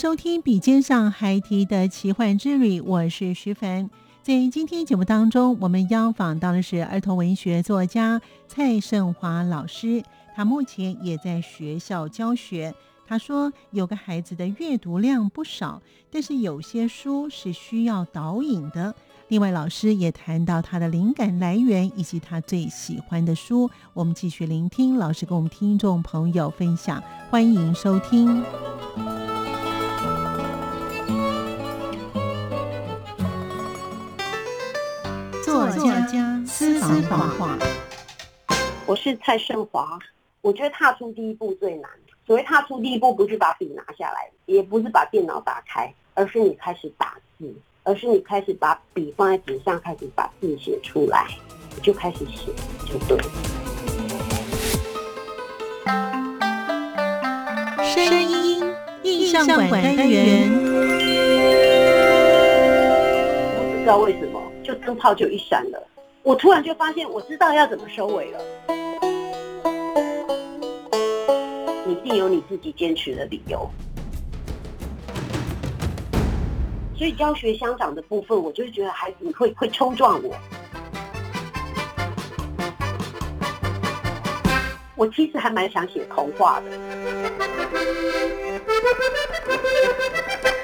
收聽筆尖上還提的奇幻之旅，我是徐凡。在今天節目當中，我們要訪到的是兒童文學作家蔡聖華老師。她目前也在學校教學。她說，有個孩子的閱讀量不少，但是有些書是需要導引的。另外，老師也談到她的靈感來源以及她最喜歡的書。我們繼續聆聽老師跟我們聽眾朋友分享。歡迎收聽。普通我是蔡聖華，我覺得踏出第一步最難。所謂踏出第一步，不是把筆拿下來，也不是把電腦打開，而是你開始打字，而是你開始把筆放在紙上，開始把字寫出來，就開始寫，就對了。聲音意象館單元，不知道為什麼，就燈泡就一閃了。我突然就發現，我知道要怎麼收尾了。你一定有你自己堅持的理由，所以教學相長的部分，我就是覺得孩子會會衝撞我。我其實還蠻想寫童話的。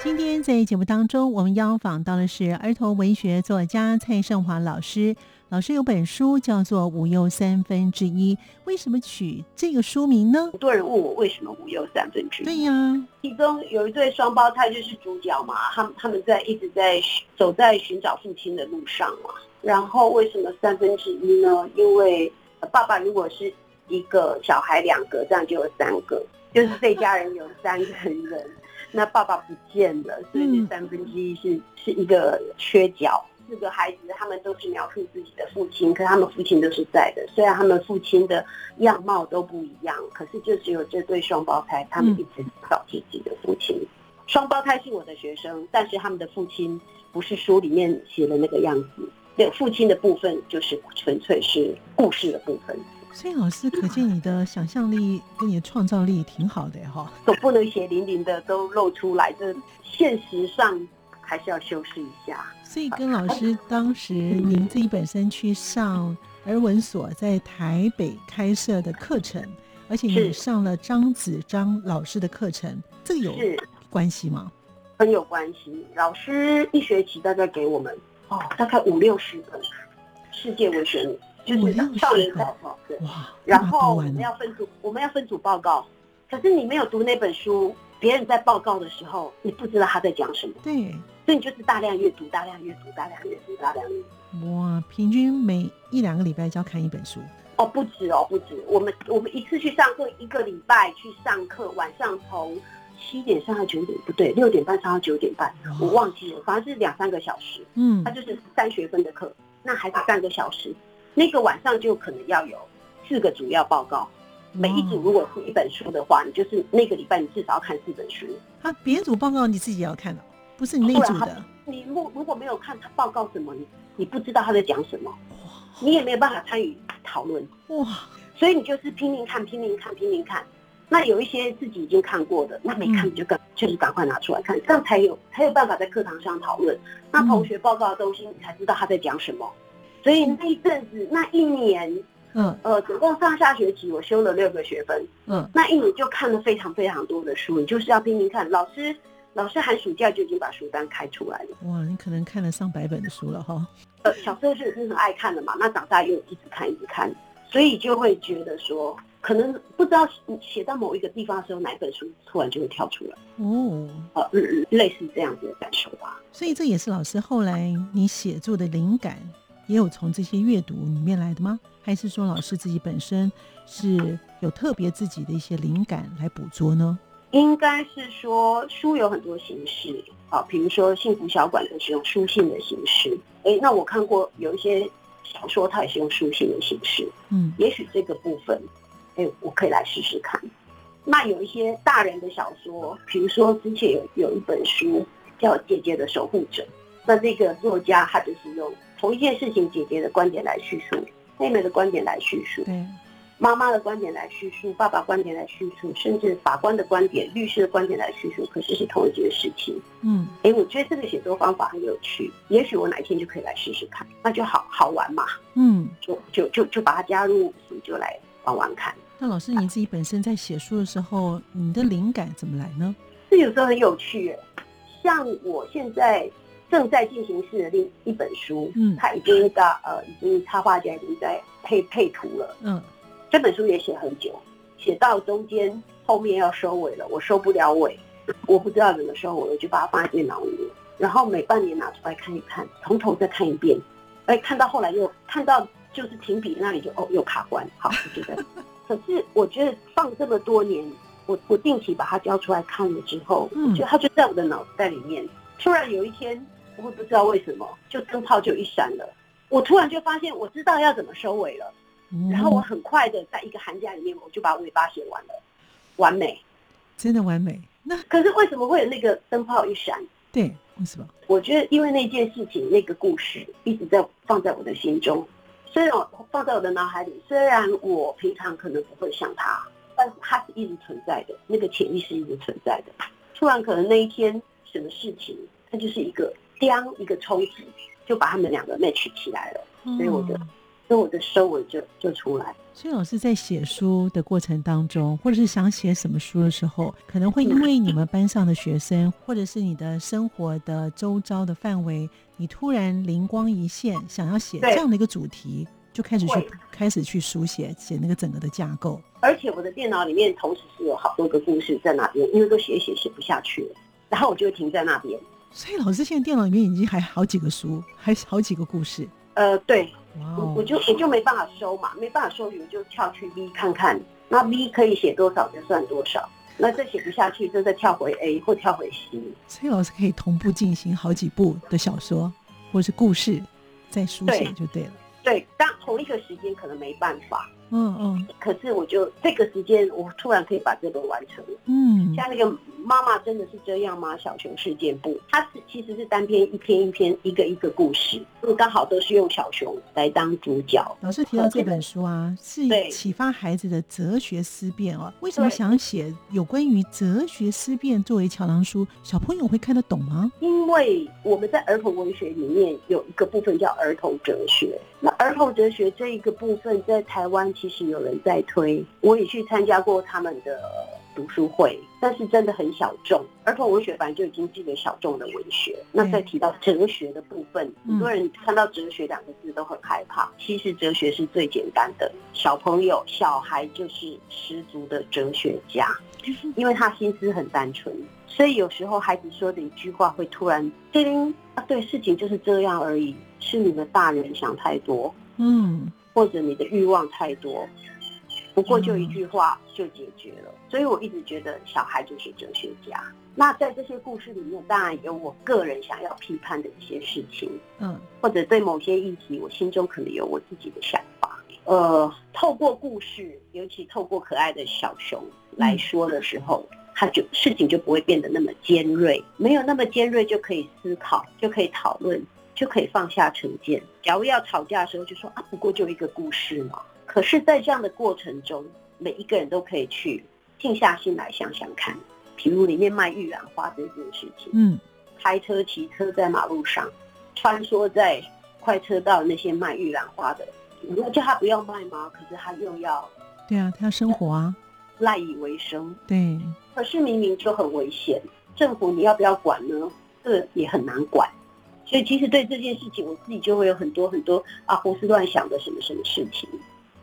今天在節目當中，我們邀訪到的是兒童文學作家蔡聖華老師。老師有本書叫做《無憂三分之一》，為什麼取這個書名呢？很多人問我為什麼無憂三分之一。對呀，其中有一對雙胞胎就是主角嘛，他們他們在一直在走在尋找父親的路上嘛。然後為什麼三分之一呢？因為爸爸如果是一個小孩兩個，這樣就有三個，就是這一家人有三個人， 那爸爸不見了，所以這三分之一是是一個缺角。四個孩子，他們都是描述自己的父親，可他們父親都是在的。雖然他們父親的樣貌都不一樣，可是就只有這對雙胞胎，他們一直找自己的父親。嗯、雙胞胎是我的學生，但是他們的父親不是書裡面寫的那個樣子。對父親的部分就是純粹是故事的部分。所以老師，嗯、可見你的想象力跟你的創造力挺好的哈。總不能血淋淋的都露出來，這現實上。還是要修飾一下。所以，跟老師當時您自己本身去上兒文所在台北開設的課程，而且你上了張子樟老師的課程，是這有關係嗎？很有關係。老師一學期大概在給我們哦，大概五六十本世界文學，就是少年的，對哇。然後我們要分組，我們要分組報告。可是你沒有讀那本書，別人在報告的時候，你不知道他在講什麼。對。所以你就是大量閱讀，大量閱讀，大量閱讀，大量閱讀。讀哇，平均每一兩個禮拜就要看一本書。哦，不止哦，不止。我們我們一次去上課一個禮拜去上課，晚上從七點上到九點，不對，六點半上到九點半，我忘記了，反正是兩三個小時。嗯，它就是三學分的課，那還是三個小時。那個晚上就可能要有四個主要報告，每一組如果讀一本書的話，你就是那個禮拜你至少要看四本書。他別、啊、組報告你自己也要看的、哦。不是你那組的然他。你如果如果沒有看他報告什麼，你你不知道他在講什麼，你也沒有辦法參與討論哇。所以你就是拼命看，拼命看，拼命看。那有一些自己已經看過的，那沒看你就趕，就是趕快拿出來看，這樣、嗯、才有才有辦法在課堂上討論。那同學報告的東西你才知道他在講什麼。所以那一陣子，那一年，嗯呃，總共上下學期我修了六個學分，嗯，那一年就看了非常非常多的書，你就是要拼命看老師。老師寒暑假就已經把書單開出來了。哇，你可能看了上百本的書了哈、哦。呃，小時候是很愛看的嘛，那長大又一直看一直看，所以就會覺得說，可能不知道寫到某一個地方的時候，哪一本書突然就會跳出來。哦，呃，類似這樣子的感受吧。所以這也是老師後來你寫作的靈感，也有從這些閱讀裡面來的嗎？還是說老師自己本身是有特別自己的一些靈感來捕捉呢？應該是說，書有很多形式，好，比如說《幸福小館》都是用書信的形式，欸，那我看過有一些小說，它也是用書信的形式，嗯，也許這個部分，欸，我可以來試試看。那有一些大人的小說，比如說之前有有一本書叫《姐姐的守護者》，那這個作家他就是用同一件事情，姐姐的觀點來敘述，妹妹的觀點來敘述，嗯媽媽的觀點來敘述，爸爸觀點來敘述，甚至法官的觀點、律師的觀點來敘述，可是是同一件事情。嗯，哎，我覺得這個寫作方法很有趣，也許我哪一天就可以來試試看，那就好好玩嘛。嗯，就就就就把它加入，就來玩玩看。那老師你自己本身在寫書的時候，你的靈感怎麼來呢？是，有時候很有趣耶，像我現在正在進行式的另一本書，嗯，它已經到呃，已經插畫家已經在配配圖了，嗯。這本書也寫很久，寫到中間後面要收尾了，我收不了尾，我不知道怎麼收尾，我就把它放在電腦裡面，然後每半年拿出來看一看，從頭再看一遍，哎，看到後來又看到就是停筆那裡就哦又卡關，好，我覺得，可是我覺得放這麼多年，我我定期把它交出來看了之後，嗯，就它就在我的腦袋裡面，突然有一天，我不知道為什麼，就燈泡就一閃了，我突然就發現我知道要怎麼收尾了。然後我很快的在一個寒假裡面，我就把尾巴寫完了，完美，真的完美。那可是為什麼會有那個燈泡一閃？對，為什麼？我覺得因為那件事情，那個故事一直在放在我的心中，雖然我放在我的腦海裡，雖然我平常可能不會想他，但他是一直存在的，那個潛意識一直存在的。突然可能那一天，什麼事情，它就是一個“當”一個衝擊，就把他們兩個 match 起來了。所以我覺得。嗯所以我的收尾就就出來。所以老師在寫書的過程當中，或者是想寫什麼書的時候，可能會因為你們班上的學生，或者是你的生活的周遭的範圍，你突然靈光一現，想要寫這樣的一個主題，對就開始去對開始去書寫，寫那個整個的架構。而且我的電腦裡面同時是有好多個故事在那邊，因為都寫一寫寫不下去了，然後我就停在那邊。所以老師現在電腦裡面已經還好幾個書，還好幾個故事。呃，對。我 Wow, 我就我就沒辦法收嘛，沒辦法收，我就跳去 V 看看，那 V 可以寫多少就算多少，那這寫不下去，就再跳回 A 或跳回 C，所以老師可以同步進行好幾部的小說或是故事再書寫就對了。對，但同一個時間可能沒辦法。嗯嗯，嗯，可是我就這個時間，我突然可以把這個完成了。嗯，像那個媽媽真的是這樣嗎？小熊事件簿，它是其實是單篇一篇一篇一個一個故事，就剛好都是用小熊來當主角。老師提到這本書啊，是啟發孩子的哲學思辨哦。對，為什麼想寫有關於哲學思辨作為橋梁書？小朋友會看得懂嗎，啊？因為我們在兒童文學裡面有一個部分叫兒童哲學，那兒童哲學這一個部分在台灣。其實有人在推，我也去參加過他們的讀書會，但是真的很小眾。兒童文學本來就已經是個小眾的文學，那再提到哲學的部分，嗯、很多人看到哲學兩個字都很害怕。其實哲學是最簡單的，小朋友、小孩就是十足的哲學家，因為他心思很單純。所以有時候孩子說的一句話，會突然，對，啊、對，事情就是這樣而已，是你們大人想太多。嗯。或者你的欲望太多，不過就一句話就解決了。嗯、所以我一直覺得小孩就是哲學家。那在這些故事裡面，當然有我個人想要批判的一些事情，嗯，或者對某些議題，我心中可能有我自己的想法。呃，透過故事，尤其透過可愛的小熊來說的時候，嗯、他就事情就不會變得那麼尖銳，沒有那麼尖銳，就可以思考，就可以討論。就可以放下成見。假如要吵架的時候，就說啊，不過就一個故事嘛。可是，在這樣的過程中，每一個人都可以去靜下心來想想看，譬如裡面賣玉蘭花這件事情。嗯，開車、騎車在馬路上穿梭，在快車道那些賣玉蘭花的，你要叫他不要賣嗎？可是他又要對啊，他要生活啊，賴以為生。對。可是明明就很危險，政府你要不要管呢？這也很難管。所以其實對這件事情，我自己就會有很多很多啊胡思亂想的什麼什麼事情，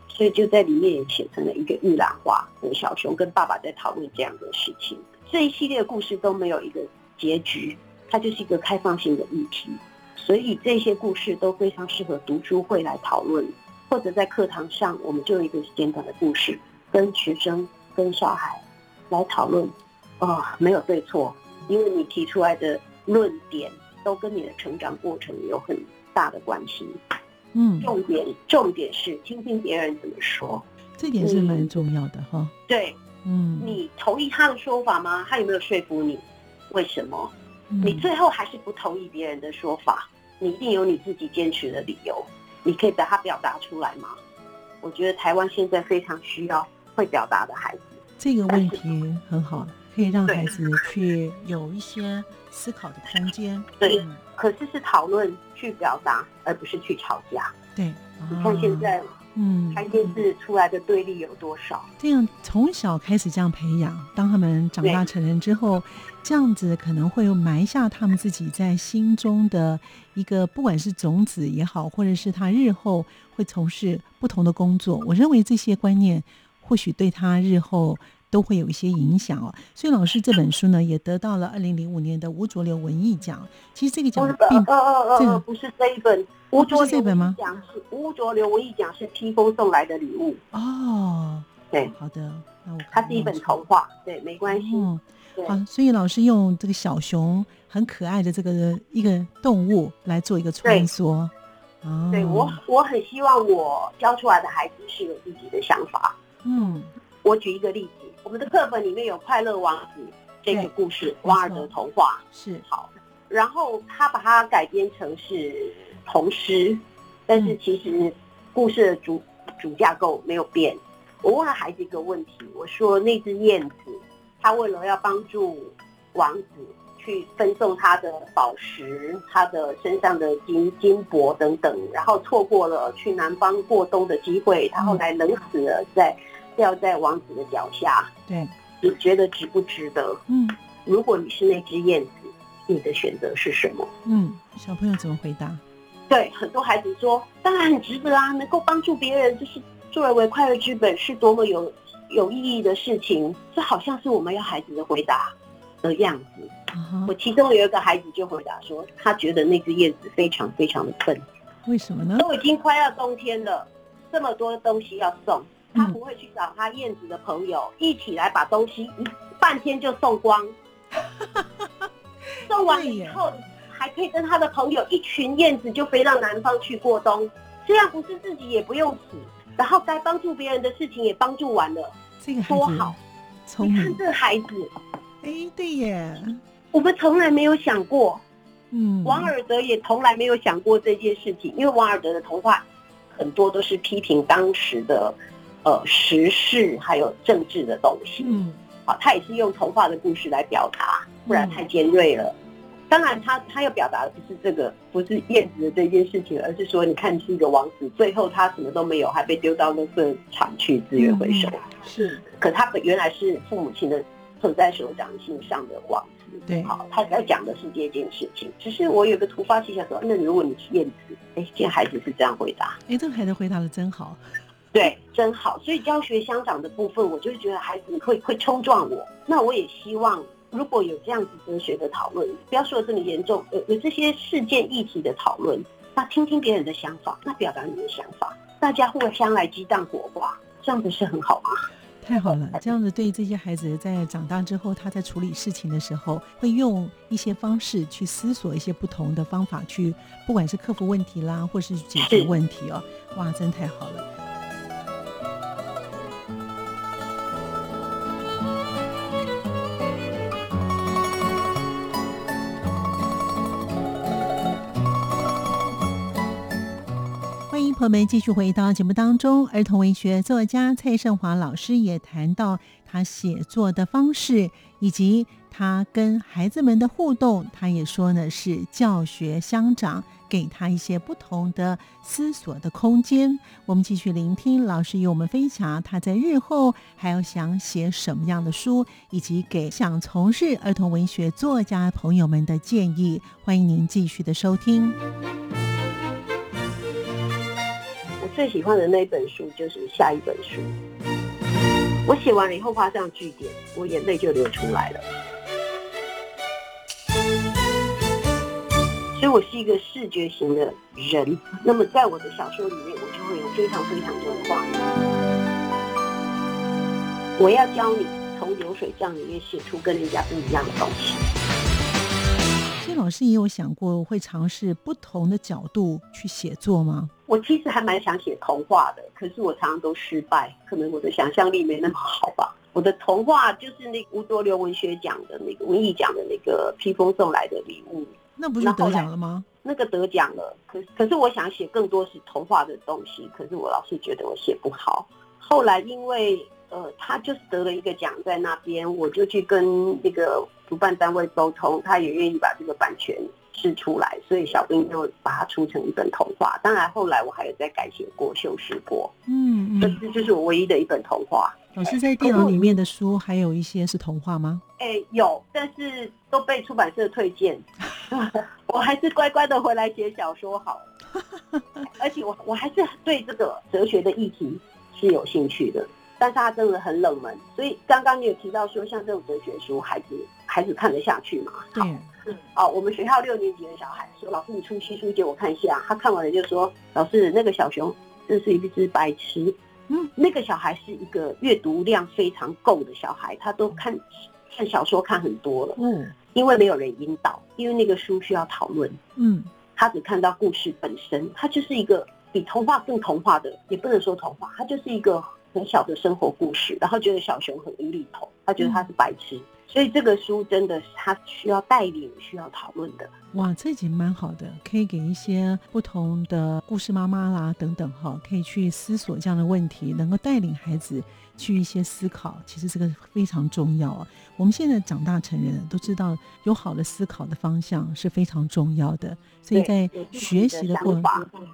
所以就在裡面也寫成了一個預覽畫，小熊跟爸爸在討論這樣的事情。這一系列的故事都沒有一個結局，它就是一個開放性的議題，所以這些故事都非常適合讀書會來討論，或者在課堂上，我們就有一個簡短的故事跟學生跟小孩來討論，哦，沒有對錯，因為你提出來的論點。都跟你的成長過程有很大的關係，嗯，重重點重點是聽聽別人怎麼說，這點是蠻重要的哈。你對，嗯，你同意他的說法嗎？他有沒有說服你？為什麼？嗯、你最後還是不同意別人的說法？你一定有你自己堅持的理由，你可以把它表達出來嗎？我覺得台灣現在非常需要會表達的孩子。這個問題很好，是可以讓孩子去有一些，思考的空間，對，對嗎可是是討論去表達，而不是去吵架。對，啊、你看現在，嗯，看電視出來的對立有多少？這樣從小開始這樣培養，當他們長大成人之後，對這樣子可能會埋下他們自己在心中的一個，不管是種子也好，或者是他日後會從事不同的工作。我認為這些觀念，或許對他日後。都會有一些影響哦，所以老師這本書呢也得到了二零零五年的吳濁流文藝獎。其實這個獎並不是，、哦哦哦、不是這一本吳濁、哦、這本嗎？吳濁流文藝獎，是披風送來的禮物哦。對，好的，那我看看它是一本童話，對，沒關係。嗯、對好，所以老師用這個小熊很可愛的這個一個動物來做一個傳說。對，、哦、對我我很希望我教出來的孩子是有自己的想法。嗯，我舉一個例子。我們的課本裡面有《快樂王子》這個故事，對王爾德童話是好，然後他把它改編成是童詩，但是其實故事的主、嗯、主架構沒有變。我問了孩子一個問題，我說：“那只燕子，它為了要幫助王子去分送他的寶石、他的身上的金金箔等等，然後錯過了去南方過冬的機會，他後來冷死了，在、嗯。”掉在王子的腳下，對，你覺得值不值得？嗯，如果你是那只燕子，你的選擇是什麼？嗯，小朋友怎麼回答？對，很多孩子說，當然很值得啊，能夠幫助別人，就是作為快樂之本，是多麼有有意義的事情。這好像是我們要孩子的回答的樣子。啊、哈我其中有一個孩子就回答說，他覺得那只燕子非常非常的笨，為什麼呢？都已經快要冬天了，這麼多東西要送。他不會去找他燕子的朋友、嗯、一起來把東西，半天就送光。 送完以後還可以跟他的朋友一群燕子就飛到南方去過冬，這樣不是自己也不用死，然後該幫助別人的事情也幫助完了，這個多好！母你看這個孩子，哎、欸，對耶，我們從來沒有想過。嗯，王爾德也從來沒有想過這件事情，因為王爾德的童話很多都是批評當時的。呃，時事還有政治的東西，嗯，好，他也是用童話的故事來表達，不然太尖銳了。嗯、當然他，他他要表達的不是這個，不是燕子的這件事情，而是說，你看是一個王子，最後他什麼都沒有，還被丟到那個場去資源回收、嗯。是，可他本原來是父母親的捧在手掌心上的王子，對，好，他要講的是這件事情。只是我有個突發奇想說，那如果你是燕子，哎、欸，這孩子是這樣回答，哎、欸，這個孩子回答的真好。對，真好。所以教學相長的部分，我就是覺得孩子會會衝撞我。那我也希望，如果有這樣子哲學的討論，不要說這麼嚴重，有有這些事件議題的討論，那聽聽別人的想法，那表達你的想法，大家互相來激盪火花，這樣子是很好嗎？太好了，這樣子對於這些孩子在長大之後，他在處理事情的時候，會用一些方式去思索一些不同的方法去，不管是克服問題啦，或是解決問題哦。對。哇，真太好了。和我們繼續回到節目當中，兒童文學作家蔡聖華老師也談到他寫作的方式，以及他跟孩子們的互動。他也說呢，是教學相長，給他一些不同的思索的空間。我們繼續聆聽老師與我們分享，他在日後還要想寫什麼樣的書，以及給想從事兒童文學作家朋友們的建議。歡迎您繼續的收聽。最喜歡的那一本書就是下一本書。我寫完了以後畫上句點，我眼淚就流出來了。所以我是一個視覺型的人，那麼在我的小說裡面，我就會有非常非常多的話語。我要教你從流水賬裡面寫出跟人家不一樣的東西。所以老師，你有想過會嘗試不同的角度去寫作嗎？我其實還蠻想寫童話的，可是我常常都失敗，可能我的想象力沒那麼好吧。我的童話就是那吳濁流文學獎的那個文藝獎的那個披風送來的禮物，那不是得獎了嗎？那個得獎了，可是可是我想寫更多是童話的東西，可是我老是覺得我寫不好。後來因為呃，他就是得了一個獎在那邊，我就去跟那個主辦單位溝通，他也願意把這個版權。試出來，所以小兵就把它出成一本童話。當然後來我還有在改寫過、修飾過。嗯，嗯，這是就是我唯一的一本童話。老師在電腦裡面的書還有一些是童話嗎？哎、欸欸，有，但是都被出版社推薦， 我還是乖乖的回來寫小說好。 而且我我還是對這個哲學的議題是有興趣的，但是它真的很冷門，所以剛剛你有提到說像這種哲學書還是。孩子看得下去嘛？好，對嗯，哦，我們學校六年級的小孩說：“老師，你出新書借我看一下。”他看完了就說：“老師，那個小熊真是一隻白痴。”嗯，那個小孩是一個閱讀量非常夠的小孩，他都看看小說看很多了。嗯，因為沒有人引導，因為那個書需要討論。嗯，他只看到故事本身，他就是一個比童話更童話的，也不能說童話，他就是一個很小的生活故事，然後覺得小熊很無厘、厘頭，他覺得他是白痴。嗯所以這個書真的是他需要帶領、需要討論的。哇，這已經蠻好的，可以給一些不同的故事媽媽啦等等哈，可以去思索這樣的問題，能夠帶領孩子去一些思考。其實這個非常重要啊。我們現在長大成人，都知道有好的思考的方向是非常重要的。所以在學習的過程，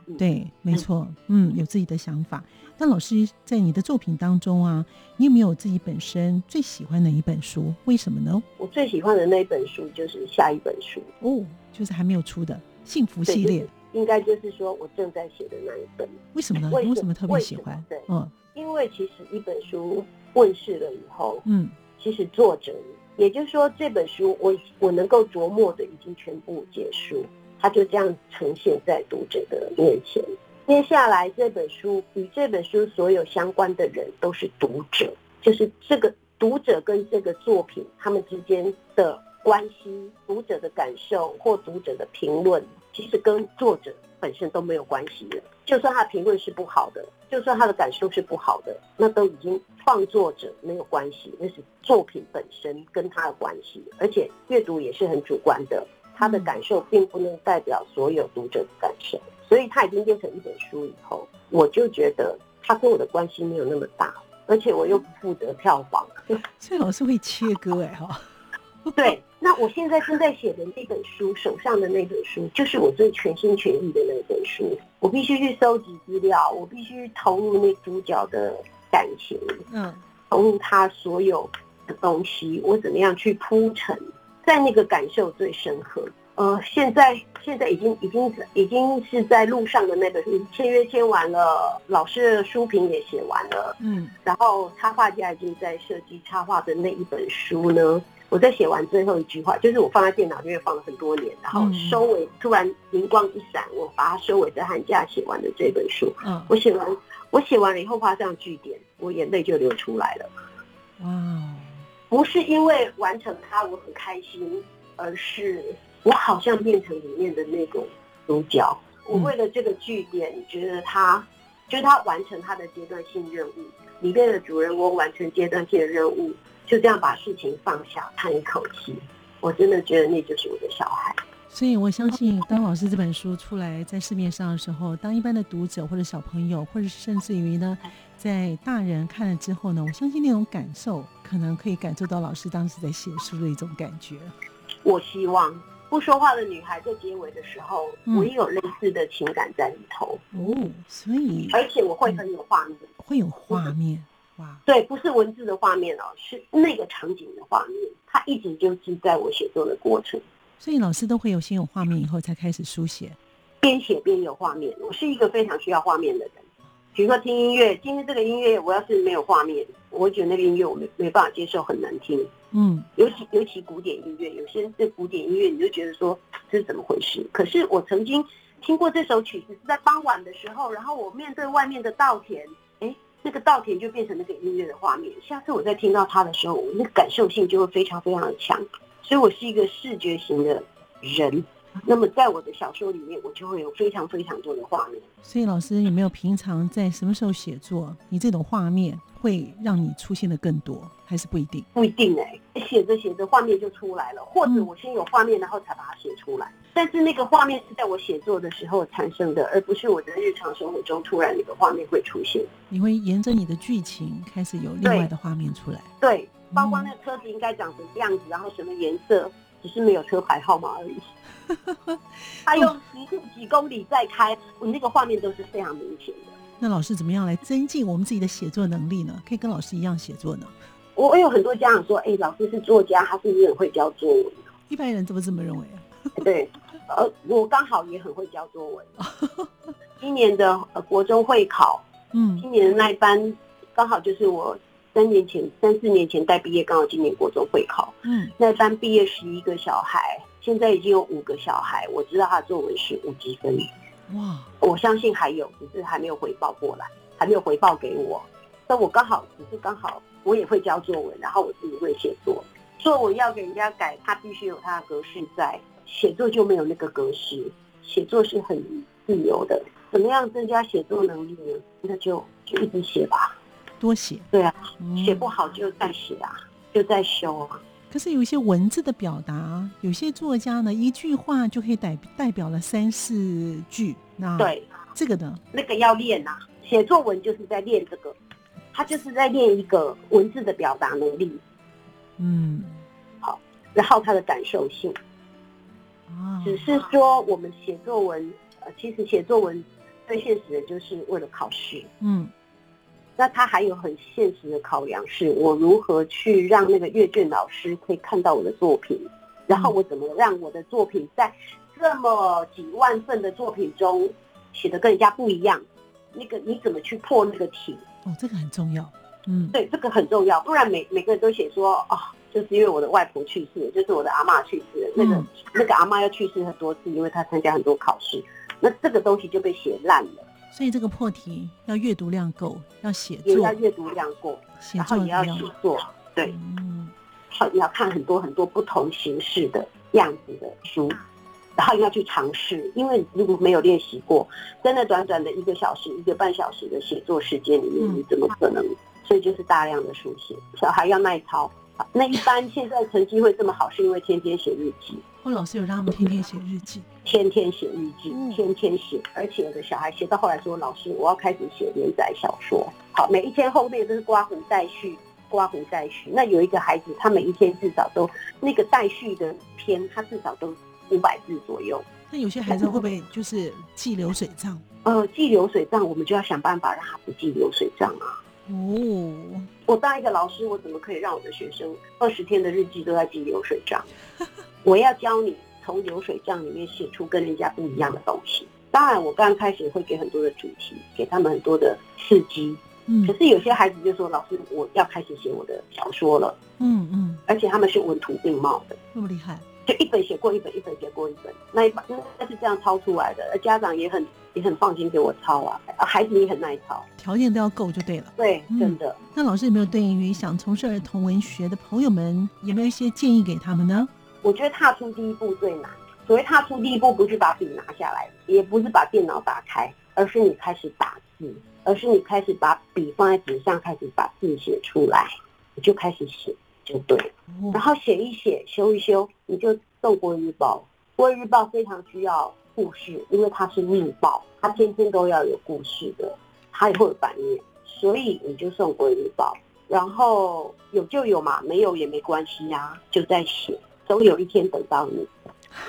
嗯、對，沒錯，嗯,嗯，有自己的想法。那老師在你的作品當中啊，你有沒有自己本身最喜歡的一本書？為什麼呢？我最喜歡的那本書就是下一本書哦、嗯，就是還沒有出的《幸福》系列，就是、應該就是說我正在寫的那一本。為什麼呢？為什麼,什麼特別喜歡？對，嗯，因為其實一本書問世了以後，嗯。其實作者，也就是說這本書我，我我能夠琢磨的已經全部結束，它就這樣呈現在讀者的面前。接下來這本書與這本書所有相關的人都是讀者，就是這個讀者跟這個作品他們之間的關係，讀者的感受或讀者的評論，其實跟作者本身都沒有關係的。就算他的評論是不好的，就算他的感受是不好的，那都已經創作者沒有關係，那是作品本身跟他的關係，而且閱讀也是很主觀的，他的感受並不能代表所有讀者的感受，嗯、所以他已經變成一本書以後，我就覺得他跟我的關係沒有那麼大，而且我又不負責票房，所以老師會切割哎哈。 對，那我現在正在寫的那本書，手上的那本書，就是我最全心全意的那本書，我必須去蒐集資料，我必須去投入那主角的。感情，嗯，投入他所有的東西，我怎麼樣去鋪陳，在那個感受最深刻。呃，現在現在已經已經已經是在路上的那本書，簽約簽完了，老師的書評也寫完了，嗯，然後插畫家已經在設計插畫的那一本書呢。我在寫完最後一句話，就是我放在電腦裡面放了很多年，然後收尾突然靈光一閃，我把它收尾在寒假寫完的這本書，嗯、我寫完，我寫完了以後畫這樣句點，我眼淚就流出來了。哇不是因為完成它我很開心，而是我好像變成裡面的那種主角。我為了這個句點，覺得他，就是他完成他的階段性任務，裡面的主人我完成階段性的任務。就這樣把事情放下，嘆一口氣。我真的覺得那就是我的小孩。所以，我相信當老師這本書出來在市面上的時候，當一般的讀者或者小朋友，或者是甚至於呢，在大人看了之後呢，我相信那種感受可能可以感受到老師當時在寫書的一種感覺。我希望不說話的女孩在結尾的時候，嗯、我也有類似的情感在裡頭。哦，所以，而且我會很有畫面，嗯、會有畫面。哇對，不是文字的畫面哦，是那個場景的畫面，它一直就是在我寫作的過程。所以老師都會有先有畫面，以後才開始書寫，邊寫邊有畫面。我是一個非常需要畫面的人。比如說聽音樂，今天這個音樂我要是沒有畫面，我覺得那個音樂我沒沒辦法接受，很難聽。嗯，尤其尤其古典音樂，有些是古典音樂你就覺得說這是怎麼回事？可是我曾經聽過這首曲子是在傍晚的時候，然後我面對外面的稻田，哎。那個稻田就變成那個音樂的畫面。下次我再聽到它的時候，我那個感受性就會非常非常的強。所以我是一個視覺型的人。那麼在我的小說裡面，我就會有非常非常多的畫面。所以老師，有沒有平常在什麼時候寫作，你這種畫面會讓你出現的更多，還是不一定？不一定哎，欸，寫着寫着畫面就出來了，或者我先有畫面，然後才把它寫出來。嗯。但是那個畫面是在我寫作的時候產生的，而不是我的日常生活中突然有個畫面會出現。你會沿着你的劇情開始有另外的畫面出來。對，對。嗯，包括那個車子應該長什麼樣子，然後什麼顏色。只是沒有車牌號碼而已，他用十幾公里再開， 嗯、我那個畫面都是非常明顯的。那老師怎麼樣來增進我們自己的寫作能力呢？可以跟老師一樣寫作呢？我有很多家長說，哎、欸，老師是作家，他是不是很會教作文。一般人怎麼這麼認為、啊、對，呃，我剛好也很會教作文。 今年的、呃、國中會考，嗯，今年的那一班剛好就是我。三年前，三四年前帶畢業，剛好今年國中會考。嗯，那班畢業十一個小孩，現在已經有五個小孩，我知道他的作文是五級分。哇，我相信還有，只是還沒有回報過來，還沒有回報給我。但我剛好，只是剛好，我也會教作文，然後我自己會寫作。作文要給人家改，他必須有他的格式在。寫作就沒有那個格式，寫作是很自由的。怎麼樣增加寫作能力呢？那就就一直寫吧。多寫，對啊，嗯、寫不好就再寫啊，就再修啊。可是有些文字的表達，有些作家呢，一句話就可以代代表了三四句。那對這個呢？那個要練啊，寫作文就是在練這個，他就是在練一個文字的表達能力。嗯，好，然後他的感受性。啊，只是說我們寫作文，呃、啊，其實寫作文最現實的就是為了考試。嗯。那他還有很現實的考量是，我如何去讓那個閱卷老師可以看到我的作品，然後我怎麼讓我的作品在這麼幾萬份的作品中寫得跟人家不一樣？那個你怎麼去破那個題？哦，這個很重要。嗯，對，這個很重要，不然每每個人都寫說，哦，就是因為我的外婆去世，就是我的阿嬤去世，那個、嗯、那個阿嬤要去世很多次，因為她參加很多考試，那這個東西就被寫爛了。所以這個破題要閱讀量夠，要寫作，也要閱讀量夠，寫作然後也要去做，對，嗯，要看很多很多不同形式的樣子的書，然後要去嘗試，因為如果沒有練習過，在那短短的一個小時、一個半小時的寫作時間裡面，你怎麼可能？嗯、所以就是大量的書寫。小孩要耐操好。那一般現在成績會這麼好，是因為天天寫日記。我、哦、老師有讓他們天天寫日記。嗯天天寫日記，天天寫，嗯、而且我的小孩寫到後來說：“老師，我要開始寫連載小說。”好，每一天後面都是括弧待續，括弧待續。那有一個孩子，他每一天至少都那個待續的篇，他至少都五百字左右。那有些孩子會不會就是記流水賬？ 呃，記流水賬，我們就要想辦法讓他不記流水賬啊。哦，我當一個老師，我怎麼可以讓我的學生二十天的日記都在記流水賬？ 我要教你。從流水賬裡面寫出跟人家不一樣的東西。當然，我剛開始會給很多的主題，給他們很多的刺激。嗯，可是有些孩子就說：“老師，我要開始寫我的小說了。”嗯嗯嗯，而且他們是文圖並茂的，那麼厲害，就一本寫過一本，一本寫過一本，那一本那是這樣抄出來的。家長也很也很放心給我抄啊，啊，孩子也很耐抄，條件都要夠就對了。對，嗯，真的。那老師有沒有對於想從事兒童文學的朋友們，有沒有一些建議給他們呢？我覺得踏出第一步最難。所謂踏出第一步，不是把筆拿下來，也不是把電腦打開，而是你開始打字，而是你開始把筆放在紙上，開始把字寫出來，你就開始寫就對了。嗯、然後寫一寫，修一修，你就送《國語日報》。《國語日報》非常需要故事，因為它是日報，它天天都要有故事的，它也會有版面，所以你就送《國語日報》。然後有就有嘛，沒有也沒關係呀、啊，就在寫。都有一天等到你。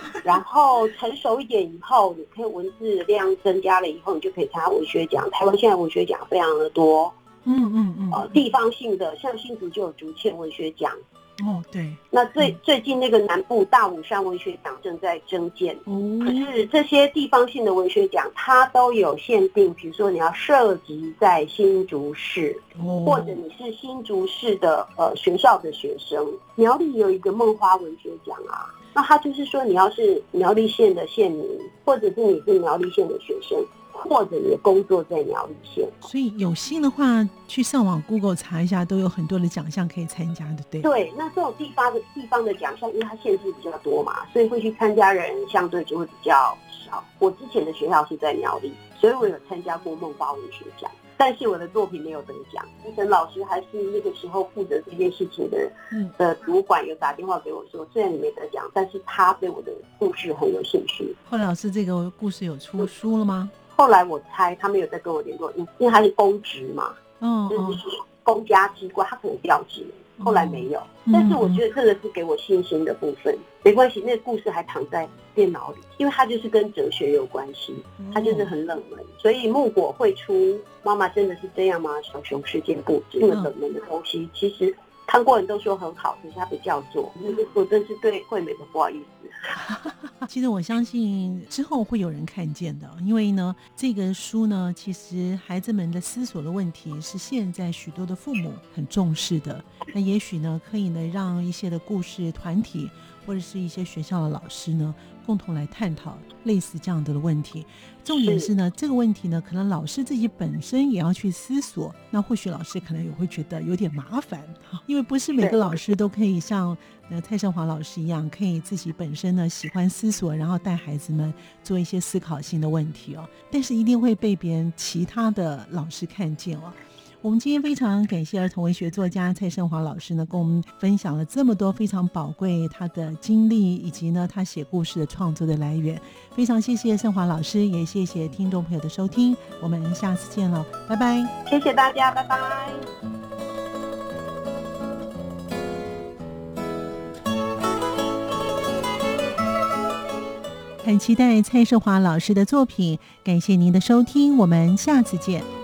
然後成熟一點以後，你可以文字量增加了以後，你就可以參加文學獎。台灣現在文學獎非常的多，嗯嗯嗯，地方性的，像新竹就有竹塹文學獎。哦，對，嗯、那最最近那個南部大武山文學獎正在徵件哦，嗯、可是這些地方性的文學獎，它都有限定，比如說你要設籍在新竹市，哦、或者你是新竹市的呃學校的學生。苗栗有一個夢花文學獎啊，那它就是說你要是苗栗縣的縣民，或者是你是苗栗縣的學生。或者也工作在苗栗縣，所以有心的話，去上網 Google 查一下，都有很多的獎項可以參加的，對對。那這種地方的地方的獎項，因為它限制比較多嘛，所以會去參加人相對就會比較少。我之前的學校是在苗栗，所以我有參加過夢花文學獎，但是我的作品沒有得獎。醫晨、嗯、老師還是那個時候負責這件事情的，嗯，的主管有打電話給我說，雖然你沒得獎，但是他對我的故事很有興趣。後來老師這個故事有出書、嗯、了嗎？後來我猜，他沒有再跟我聯絡，因因為他是公職嘛嗯，嗯，就是公家機關，他可能調職。後來沒有，嗯、但是我覺得這個是給我信心的部分，沒關係，那個、故事還躺在電腦裡，因為它就是跟哲學有關係，它就是很冷門，嗯、所以木果會出《媽媽真的是這樣嗎》《小熊事件故事。這個冷門的東西，其實。看過人都說很好，可是他不叫座。那個書真是對慧美的不好意思。 其實我相信之後會有人看見的，因為呢，這個書呢，其實孩子們的思索的問題是現在許多的父母很重視的。那也許呢，可以呢，讓一些的故事團體或者是一些學校的老師呢。共同來探討類似這樣的問題，重點是呢，這個問題呢，可能老師自己本身也要去思索。那或許老師可能也會覺得有點麻煩，因為不是每個老師都可以像呃蔡聖華老師一樣，可以自己本身呢喜歡思索，然後帶孩子們做一些思考性的問題哦。但是一定會被別人其他的老師看見哦。我們今天非常感謝兒童文學作家蔡聖華老師呢，跟我們分享了這麼多非常寶貴他的經歷，以及呢他寫故事的創作的來源。非常謝謝聖華老師，也謝謝聽眾朋友的收聽。我們下次見了，拜拜！謝謝大家，拜拜！很期待蔡聖華老師的作品，感謝您的收聽，我們下次見。